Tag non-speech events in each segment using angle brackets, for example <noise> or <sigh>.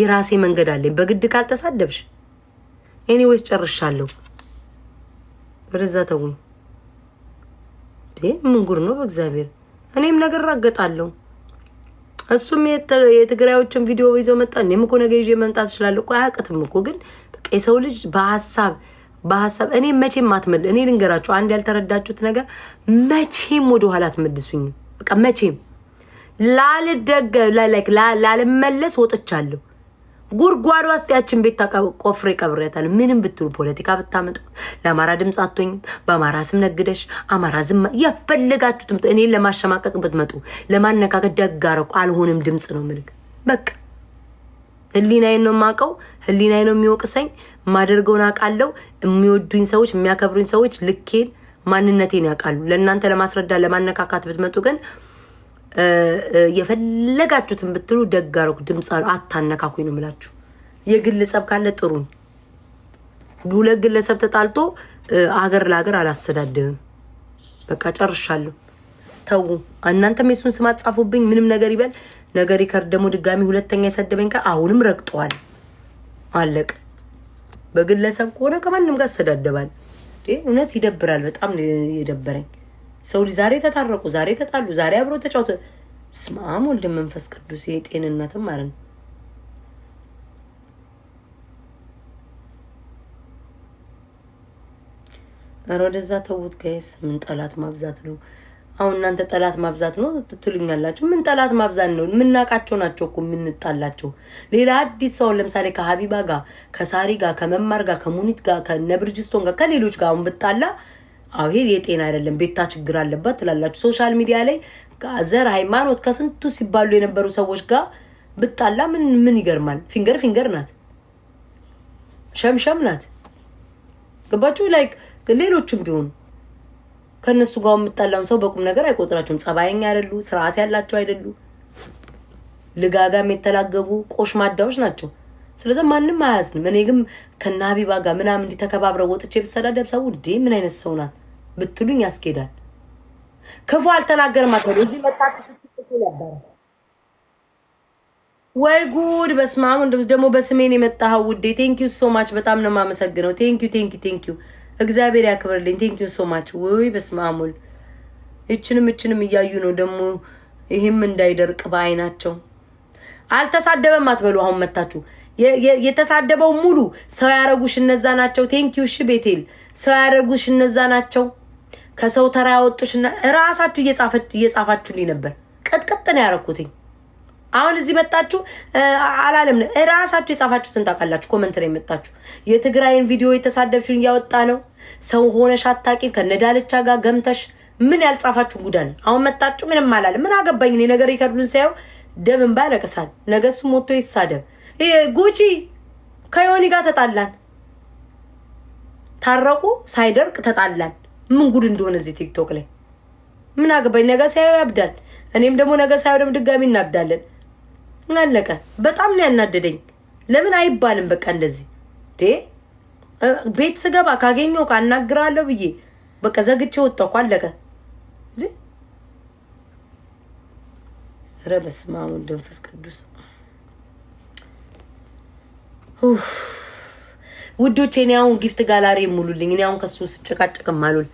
የራሴ መንገድ አለኝ። በግድ ካልተሳደብሽ ኤኒዌይስ ጨርሻለሁ። ወደዛ ተውኝ። ምን ጉር ነው በእግዚአብሔር። እኔም ነገር ራገጣለሁ። እሱም የትግራዮችን ቪዲዮ ይዞ መጣ። እኔም እኮ ነገ ይዤ መምጣት እችላለሁ እኮ አያውቅትም እኮ ግን በቃ የሰው ልጅ በሀሳብ በሀሳብ እኔ መቼም አትመል እኔ ልንገራችሁ አንድ ያልተረዳችሁት ነገር መቼም ኋላ አትመልሱኝም። በቃ መቼም ላልደገ ላልመለስ ወጥቻለሁ። ጉድጓድ ውስጥ ያችን ቤት ቆፍሬ ቀብሬያታለሁ። ምንም ብትሉ ፖለቲካ ብታመጡ ለአማራ ድምፅ አትሆኝም። በአማራ ስም ነግደሽ አማራ ዝም የፈለጋችሁት እኔን ለማሸማቀቅ ብትመጡ ለማነካከት ደጋረቁ አልሆንም። ድምፅ ነው ምልክ በቃ ህሊናዬን ነው የማውቀው። ህሊናዬ ነው የሚወቅሰኝ። ማደርገውን አውቃለሁ። የሚወዱኝ ሰዎች፣ የሚያከብሩኝ ሰዎች ልኬን ማንነቴን ያውቃሉ። ለእናንተ ለማስረዳ ለማነካካት ብትመጡ ግን የፈለጋችሁትን ብትሉ ደግ አደረኩ። ድምፅ አታነካኩኝ ነው የምላችሁ። የግል ጸብ ካለ ጥሩን። ሁለት ግለሰብ ተጣልቶ አገር ለሀገር አላስተዳድብም። በቃ ጨርሻለሁ። ተዉ። እናንተም የሱን ስም አጻፉብኝ። ምንም ነገር ይበል ነገር ይከር። ደግሞ ድጋሚ ሁለተኛ የሰደበኝ ከ አሁንም ረግጠዋል። አለቅ። በግለሰብ ከሆነ ከማንም ጋር አስተዳደባል። እውነት ይደብራል። በጣም የደበረኝ ሰው ልጅ ዛሬ ተታረቁ፣ ዛሬ ተጣሉ፣ ዛሬ አብሮ ተጫውተ ስመ አብ ወልድ መንፈስ ቅዱስ ይሄ ጤንነትም ማለት ነው። ኧረ ወደዛ ተውት ጋይስ። ምን ጠላት ማብዛት ነው? አሁን እናንተ ጠላት ማብዛት ነው ትትሉኛላችሁ። ምን ጠላት ማብዛት ነው? የምናውቃቸው ናቸው እኮ የምንጣላቸው። ሌላ አዲስ ሰውን ለምሳሌ ከሀቢባ ጋር ከሳሪ ጋር ከመማር ጋር ከሙኒት ጋር ከነብርጅስቶን ጋር ከሌሎች ጋር አሁን ብጣላ ይሄ የጤና አይደለም፣ ቤታ ችግር አለባት ትላላችሁ። ሶሻል ሚዲያ ላይ ዘር፣ ሃይማኖት ከስንቱ ሲባሉ የነበሩ ሰዎች ጋር ብጣላ ምን ምን ይገርማል? ፊንገር ፊንገር ናት፣ ሸምሸም ናት። ገባችሁ? ላይክ ሌሎቹም ቢሆኑ ከእነሱ ጋር የምጣላውን ሰው በቁም ነገር አይቆጥራቸውም። ጸባየኛ አይደሉ፣ ስርዓት ያላቸው አይደሉ፣ ልጋጋም የተላገቡ ቆሽማዳዎች ናቸው። ስለዚህ ማንም አያዝንም። እኔ ግን ከነ ሀቢባ ጋር ምናምን እንዲህ ተከባብረው ወጥቼ ብሰዳደብ ሰው እንዴ ምን አይነት ሰው ናት? ብትሉኝ ያስኬዳል። ክፉ አልተናገርም አትበሉ። እዚህ መጣችሁ ነበረ ወይ ጉድ! በስመ አብ ወንድምስ ደግሞ በስሜን የመጣኸው ውዴ፣ ቴንኪዩ ሶ ማች በጣም ነው የማመሰግነው። ቴንኪዩ ቴንኪዩ ቴንኪዩ፣ እግዚአብሔር ያክብርልኝ። ቴንኪዩ ሶ ማች። ወይ በስመ አብ ወልድ። ይችንም እችንም እያዩ ነው ደግሞ ይህም እንዳይደርቅ በአይናቸው አልተሳደበም አትበሉ። አሁን መታችሁ የተሳደበው ሙሉ ሰው ያረጉሽ እነዛ ናቸው። ቴንኪዩ ሺ ቤቴል ሰው ያረጉሽ እነዛ ናቸው። ከሰው ተራ ያወጡሽና እራሳችሁ እየጻፋችሁልኝ ነበር። ቀጥቀጥ ነው ያደረኩትኝ። አሁን እዚህ መጣችሁ አላለም። ነው እራሳችሁ የጻፋችሁትን ታውቃላችሁ። ኮመንት ላይ መጣችሁ የትግራይን ቪዲዮ የተሳደብሽን እያወጣ ነው ሰው ሆነሽ አታቂም ከነዳልቻ ጋር ገምተሽ ምን ያልጻፋችሁ ጉዳን። አሁን መጣችሁ ምንም አላለም። ምን አገባኝ እኔ ነገር ይከዱን ሳየው ደም እንባ ያለቅሳል። ነገ እሱ ሞቶ ይሳደብ። ጉቺ ከዮኒ ጋር ተጣላን፣ ታረቁ ሳይደርቅ ተጣላን። ምን ጉድ እንደሆነ እዚህ ቲክቶክ ላይ ምን አገባኝ? ነገ ሳየው ያብዳል። እኔም ደግሞ ነገ ሳየው ደግሞ ድጋሚ እናብዳለን። አለቀ። በጣም ነው ያናደደኝ። ለምን አይባልም? በቃ እንደዚህ ቤት ስገባ ካገኘው ካናግራለሁ ብዬ በቃ ዘግቼ ወጣሁ። አለቀ። ኧረ በስመ አብ ወመንፈስ ቅዱስ ውዶቼ እኔ አሁን ጊፍት ጋላሪ ሙሉልኝ እኔ አሁን ከሱ ስጨቃጨቅም አሉል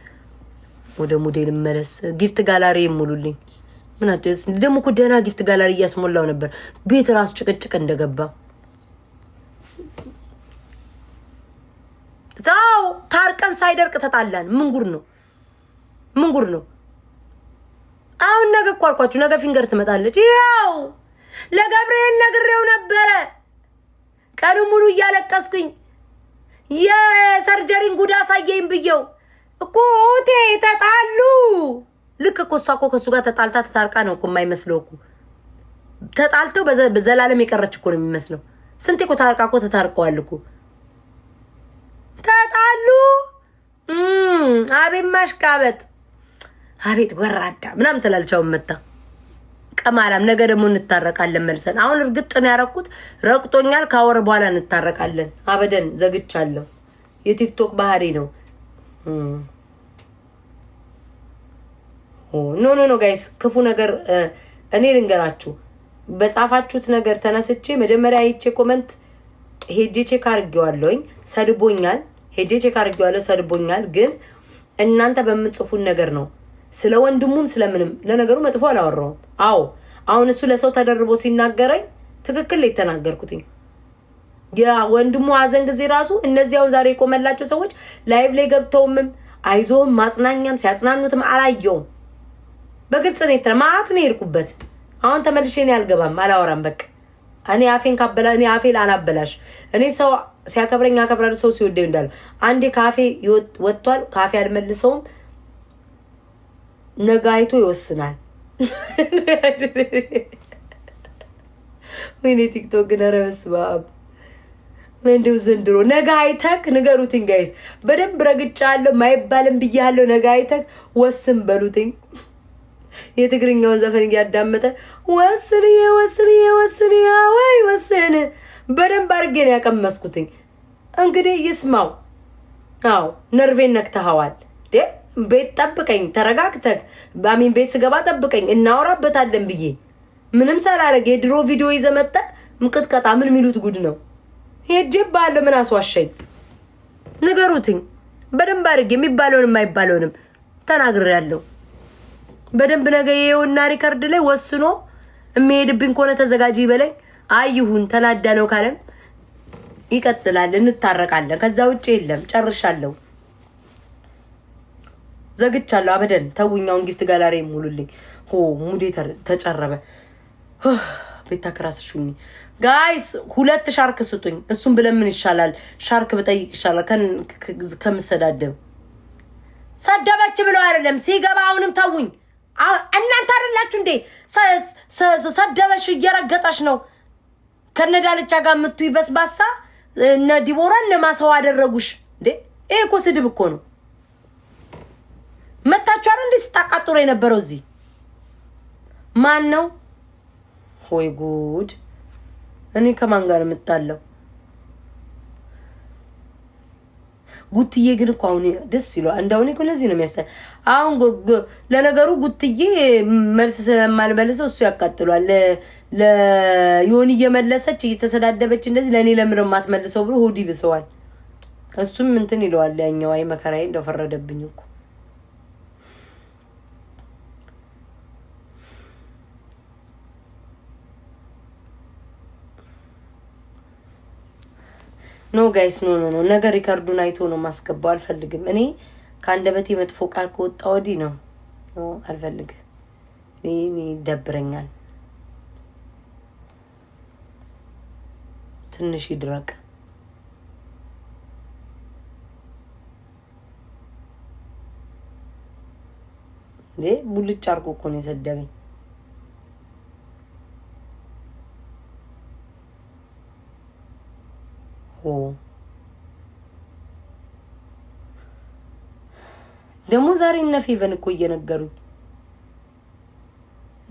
ወደ ሙዴን መለስ ጊፍት ጋላሪ ሙሉልኝ ምን ደግሞ እኮ ደህና ጊፍት ጋላሪ እያስሞላው ነበር። ቤት ራሱ ጭቅጭቅ እንደገባ ዛው ታርቀን ሳይደርቅ ተጣላን። ምንጉር ነው? ምንጉር ነው? አሁን ነገ እኮ አልኳችሁ፣ ነገ ፊንገር ትመጣለች። ያው ለገብርኤል ነግሬው ነበረ ቀኑ ሙሉ እያለቀስኩኝ የሰርጀሪን ጉድ አሳየኝ ብየው እኮ ቴ ተጣሉ። ልክ እኮ እሷ እኮ ከእሱ ጋር ተጣልታ ተታርቃ ነው እኮ የማይመስለው እኮ ተጣልተው በዘላለም የቀረች እኮ ነው የሚመስለው። ስንቴ እኮ ታርቃ እኮ ተታርቀዋል እኮ ተጣሉ። አቤት ማሽቃበጥ፣ አቤት ወራዳ ምናምን ትላለች መታ ቀማላም ነገ ደግሞ እንታረቃለን መልሰን። አሁን እርግጥ ነው ያረኩት፣ ረቅጦኛል። ካወር በኋላ እንታረቃለን። አበደን ዘግቻለሁ። የቲክቶክ ባህሪ ነው። ኖ ኖ ኖ ጋይስ፣ ክፉ ነገር እኔ ልንገራችሁ፣ በጻፋችሁት ነገር ተነስቼ መጀመሪያ አይቼ ኮመንት ሄጄ ቼክ አድርጌዋለሁኝ። ሰድቦኛል፣ ሄጄ ቼክ አድርጌዋለሁ፣ ሰድቦኛል። ግን እናንተ በምጽፉን ነገር ነው ስለ ወንድሙም ስለምንም ለነገሩ መጥፎ አላወራውም። አዎ አሁን እሱ ለሰው ተደርቦ ሲናገረኝ ትክክል የተናገርኩትኝ የወንድሙ ሀዘን ጊዜ ራሱ እነዚህ አሁን ዛሬ የቆመላቸው ሰዎች ላይቭ ላይ ገብተውምም አይዞህም ማጽናኛም ሲያጽናኑትም አላየውም። በግልጽ ነው የተና ማት ነው የሄድኩበት። አሁን ተመልሼ እኔ አልገባም አላወራም። በቃ እኔ አፌን ካበላ እኔ አፌ ላናበላሽ እኔ ሰው ሲያከብረኝ አከብራለሁ፣ ሰው ሲወደኝ እንዳለ አንዴ ካፌ ወጥቷል። ካፌ አልመልሰውም። ነጋይቶ ይወስናል። ወይኔ ቲክቶክ ግን ኧረ በስመ አብ እንደው ዘንድሮ ነገ አይተክ ንገሩትኝ ጋይዝ፣ በደንብ ረግጫለሁ ማይባልም ብያለሁ። ነገ አይተክ ወስን በሉትኝ። የትግርኛውን ዘፈን እያዳመጠ ወስንዬ ወስንዬ ወስንዬ ወይ ወስን። በደንብ አድርጌ ነው ያቀመስኩትኝ። እንግዲህ ይስማው። አዎ ነርቬን ነክተኸዋል። ቤት ጠብቀኝ፣ ተረጋግተህ በሚን ቤት ስገባ ጠብቀኝ፣ እናወራበታለን ብዬ ምንም ሳላረግ የድሮ ቪዲዮ ይዘመጠ ምቅጥቀጣ ምን የሚሉት ጉድ ነው። ሄጄ ባለ ምን አስዋሸኝ? ንገሩትኝ በደንብ አድርግ የሚባለውን የማይባለውንም ተናግሬያለሁ። በደንብ ነገ የውና ሪከርድ ላይ ወስኖ የሚሄድብኝ ከሆነ ተዘጋጂ በለኝ። አይሁን ተናዳ ነው ካለም ይቀጥላል፣ እንታረቃለን። ከዛ ውጭ የለም ጨርሻለሁ። ዘግቻለሁ። አበደን ተውኛውን ጊፍት ጋላሪ ሙሉልኝ። ሆ ሙዴ ተጨረበ። ቤታ ክራስሹኝ ጋይስ ሁለት ሻርክ ስጡኝ። እሱን ምን ይሻላል፣ ሻርክ ብጠይቅ ይሻላል ከምሰዳደብ። ሰደበች ብለው አይደለም ሲገባ አሁንም ተውኝ። እናንተ አይደላችሁ እንዴ ሰደበሽ እየረገጠሽ ነው ከነዳልቻ ጋር የምትይ በስባሳ እነ ዲቦራ እነ ማሰው አደረጉሽ እንዴ? ይሄ እኮ ስድብ እኮ ነው። ስታቃጥሎ የነበረው እዚህ ማን ነው? ሆይ ጉድ! እኔ ከማን ጋር የምታለው? ጉትዬ ግን እኮ አሁን ደስ ይለዋል። እንደው እኔ እኮ ለዚህ ነው የሚያስተ አሁን ለነገሩ ጉትዬ መልስ ስለማልመልሰው እሱ ያቃጥሏል። ለዮን እየመለሰች እየተሰዳደበች እንደዚህ ለእኔ ለምን ማትመልሰው ብሎ ሆድ ይብሰዋል። እሱም እንትን ይለዋል። ያኛው አይ መከራዬ እንደፈረደብኝ እኮ ኖ ጋይስ ኖ ኖ ኖ ነገ ሪካርዱን አይቶ ነው ማስገባው። አልፈልግም። እኔ ከአንደበቴ መጥፎ ቃል ከወጣ ወዲህ ነው አልፈልግም። ይደብረኛል። ትንሽ ይድረቅ። ቡልጭ አርጎ እኮ ነው የሰደበኝ። ደግሞ ዛሬ እነ ፌቨን እኮ እየነገሩኝ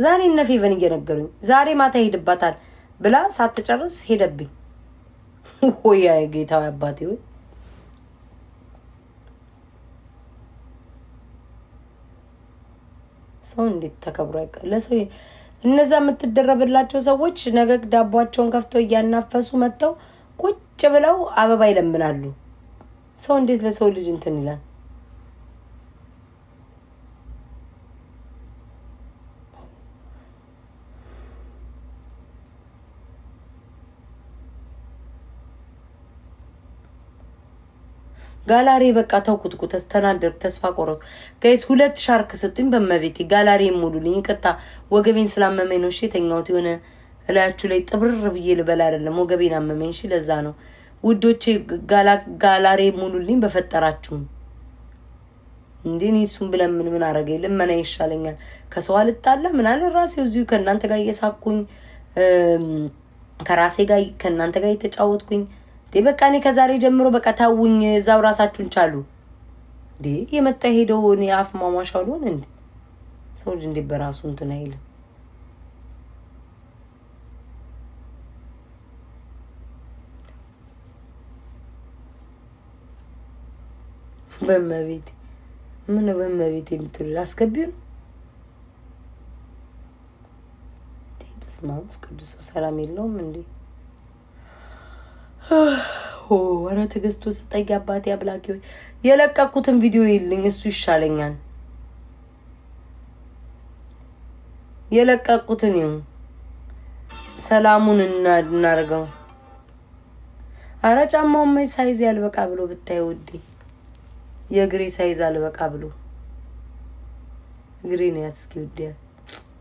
ዛሬ እነ ፌቨን እየነገሩኝ ዛሬ ማታ ሄድባታል ብላ ሳትጨርስ ሄደብኝ። ወይ ጌታ አባቴ ወይ ሰው እንዴት ተከብሮ አይቀር ለሰው እነዛ የምትደረብላቸው ሰዎች ነገ ዳቧቸውን ከፍተው እያናፈሱ መጥተው ቁጭ ቁጭ ብለው አበባ ይለምናሉ። ሰው እንዴት ለሰው ልጅ እንትን ይላል? ጋላሪ በቃ ተውኩትኩ ተስተናደር ተስተናደርኩ፣ ተስፋ ቆረጥ ጋይስ። ሁለት ሻርክ ስጡኝ በመቤቴ ጋላሪ ሙሉልኝ። ቀጣ ወገቤን ስላመመኝ ነው። እሺ የተኛሁት የሆነ እላያችሁ ላይ ጥብር ብዬ ልበል አይደለም፣ ወገቤን አመመኝ። እሺ፣ ለዛ ነው ውዶቼ፣ ጋላሬ ሙሉልኝ በፈጠራችሁም። እንዴ እኔ እሱም ብለን ምን ምን አረገ? ልመና ይሻለኛል፣ ከሰው አልጣላ ምናምን። ራሴው እዚሁ ከእናንተ ጋር እየሳኩኝ ከራሴ ጋር ከእናንተ ጋር እየተጫወትኩኝ እንዴ በቃ እኔ ከዛሬ ጀምሮ በቃ ታውኝ፣ እዛው ራሳችሁን ቻሉ። እንዴ የመጣ ሄደው እኔ አፍ ማሟሻ ልሆን እንዴ? ሰው ልጅ እንዴ በራሱ እንትን አይልም። በመቤቴ ምን በመቤቴ የምትሉ አስገቢው ነው። በስመ አብ ቅዱስ ሰላም የለውም እንዴ? ወረ ትዕግስቱ ስጠይ አባቴ አብላኪ ሆይ የለቀኩትን ቪዲዮ ይልኝ እሱ ይሻለኛል። የለቀቁትን ይሁን ሰላሙን እናድናርገው። አረ ጫማውን ሳይዝ ያልበቃ ብሎ ብታይ ውዴ የእግሬ ሳይዝ አልበቃ ብሎ እግሬ ነው ያት እስኪ ውድ ያት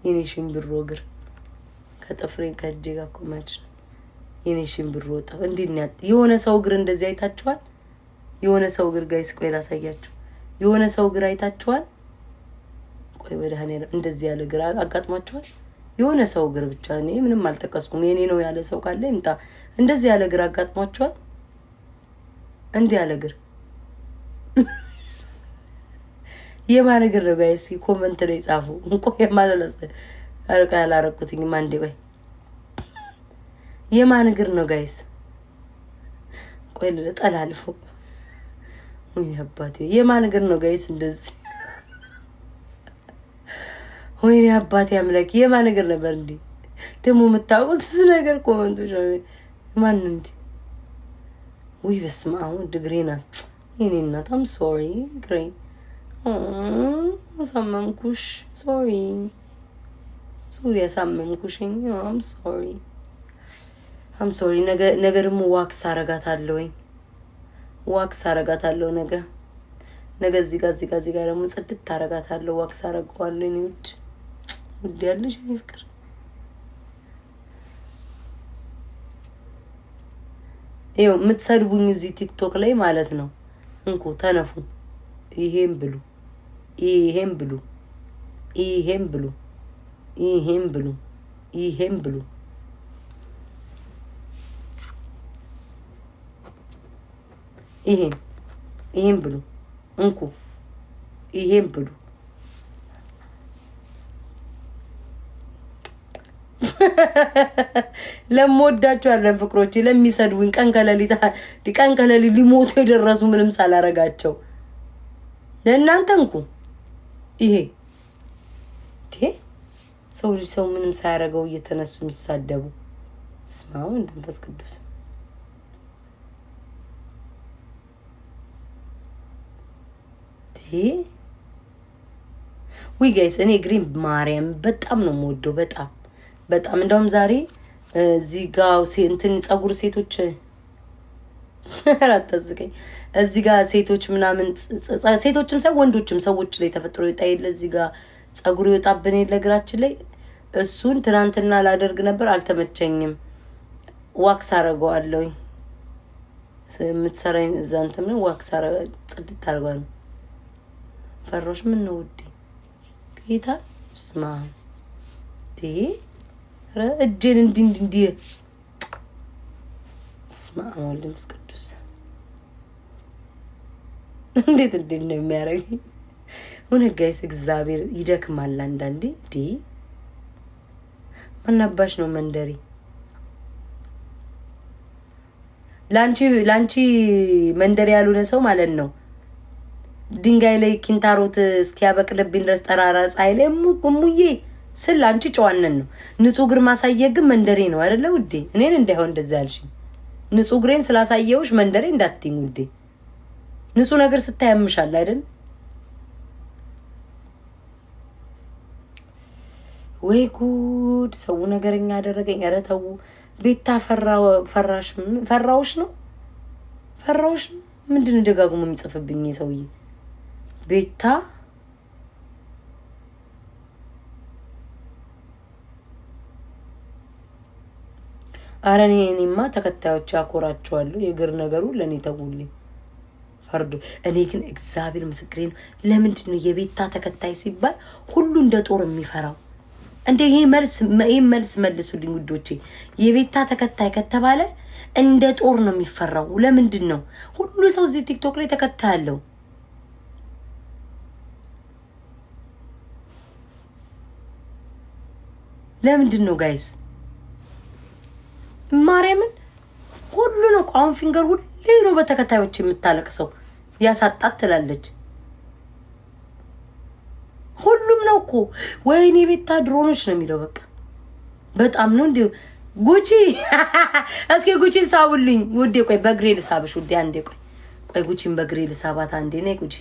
የኔ ሽንብሮ እግር ከጥፍሬ ከእጄ ጋር እኮ ማች የኔ ሽንብሮ ወጣው። እንዴት ነው የሆነ ሰው እግር እንደዚህ አይታችኋል? የሆነ ሰው እግር ጋይስ፣ ቆይ ላሳያችሁ። የሆነ ሰው እግር አይታችኋል? ቆይ መድኃኒዓለም እንደዚህ ያለ እግር አጋጥሟችኋል? የሆነ ሰው እግር ብቻ እኔ ምንም አልጠቀስኩም፣ የኔ ነው ያለ ሰው ካለ ይምጣ። እንደዚህ ያለ እግር አጋጥሟችኋል? እንዲህ ያለ እግር የማንግር ነው እስኪ ኮመንት ላይ ጻፉ። እንቆ የማለለስ አልቃ ያላረኩትኝም አንዴ ቆይ፣ የማንግር ነው ጋይስ፣ ቆይ ልጠላልፎ ወይ አባቴ፣ የማንግር ነው ጋይስ፣ እንደዚህ ወይኔ አባቴ አምላክ፣ የማንግር ነበር እንዴ ደግሞ የምታውቁት እዚህ ነገር ኮመንቶች ነው ማን እንዴ? ወይ በስመ አብ ድግሬ ናት የኔ እናት። አም ሶሪ ግሬ አሳመምኩሽ። ሶሪ ሶሪ፣ አሳመምኩሽኝ። አም ሶሪ አም ሶሪ። ነገ ደግሞ ዋክስ አረጋታለሁኝ፣ ዋክስ አረጋታለሁ ነገ ነገ እዚህ ጋር እዚህ ጋር እዚህ ጋር ደግሞ ጽድት ታረጋታለሁ። ዋክስ አረገዋለሁ። እኔ ውድ ውድ ያለሽ እኔ ፍቅር ይኸው የምትሰድቡኝ እዚህ ቲክቶክ ላይ ማለት ነው። እንኩ ተነፉ፣ ይሄን ብሉ። ይሄም ብሉ፣ ይሄም ብሉ፣ ይሄም ብሉ፣ ይሄም ብሉ። ይሄን ይሄን ብሉ፣ እንኩ፣ ይሄን ብሉ። <laughs> ለምወዳቸዋለን ፍቅሮቼ ለሚሰድቡኝ ቀን ከሌሊት ቀን ከሌሊት ሊሞቱ የደረሱ ምንም ሳላረጋቸው ለእናንተ እንኩ ይሄ ሰው ልጅ ሰው ምንም ሳያደርገው እየተነሱ የሚሳደቡ ስማው እንደንፈስ ቅዱስ ውይ ጋይስ፣ እኔ ግሪን ማርያም በጣም ነው የምወደው። በጣም በጣም እንደውም ዛሬ እዚህ ጋ እንትን ጸጉር ሴቶች <laughs> አራት እዚህ ጋር ሴቶች ምናምን ሴቶችም ሰው ወንዶችም ሰዎች ላይ ተፈጥሮ ይወጣ የለ እዚህ ጋር ጸጉሩ ይወጣብን የለ እግራችን ላይ እሱን ትናንትና ላደርግ ነበር አልተመቸኝም። ዋክስ አረገዋለሁኝ የምትሰራኝ እዛ እንትን ምን ዋክስ ጽድት አርጓል። ፈሮሽ ምን ነው ውዴ ጌታ ስማ እጄን እንዲ እንዲ እንዲ ስማ ወልድ ምስክ እንዴት እንዴት ነው የሚያደርግ ሁን ጋይስ እግዚአብሔር ይደክማል አንዳንዴ። ዲ ማናባሽ ነው መንደሪ ላንቺ ላንቺ መንደሪ ያልሆነ ሰው ማለት ነው። ድንጋይ ላይ ኪንታሮት እስኪያበቅልብኝ ድረስ ጠራራ ፀሐይ ላይ ሙዬ ስል አንቺ ጨዋነን ነው። ንጹህ እግር ማሳየ ግን መንደሬ ነው አይደለ ውዴ? እኔን እንዳይሆን እንደዚህ ያልሽኝ ንጹህ እግሬን ስላሳየውሽ መንደሬ እንዳትኝ ውዴ። ንጹህ ነገር ስታይ አይደል? ወይ ጉድ! ሰው ነገረኛ ያደረገኝ ኧረ ተው ቤታ። ፈራሽ ፈራውሽ ነው ፈራውሽ ነው። ምንድን ደጋግሞ የሚጽፍብኝ ሰውዬ? ቤታ አረ እኔማ ተከታዮች ያኮራቸዋሉ። የእግር ነገሩ ለእኔ ተውልኝ። ፈርዱ። እኔ ግን እግዚአብሔር ምስክሬ ነው። ለምንድን ነው የቤታ ተከታይ ሲባል ሁሉ እንደ ጦር የሚፈራው? እንደ ይህ መልስ ይህ መልስ መልሱልኝ ውዶቼ። የቤታ ተከታይ ከተባለ እንደ ጦር ነው የሚፈራው። ለምንድን ነው ሁሉ ሰው እዚህ ቲክቶክ ላይ ተከታይ አለው? ለምንድን ነው ጋይስ? ማርያምን ሁሉ ነው አሁን ፊንገር ሁሌ ነው በተከታዮች የምታለቅሰው። ያሳጣት ትላለች። ሁሉም ነው እኮ ወይኔ ቤታ ድሮኖች ነው የሚለው። በቃ በጣም ነው እንዲ ጉቺ። <laughs> እስኪ ጉቺን ሳቡልኝ ውዴ። ቆይ በእግሬ ልሳብሽ ውዴ። አንዴ ቆይ ቆይ፣ ጉቺን በእግሬ ልሳባት አንዴ። ነይ ጉቺ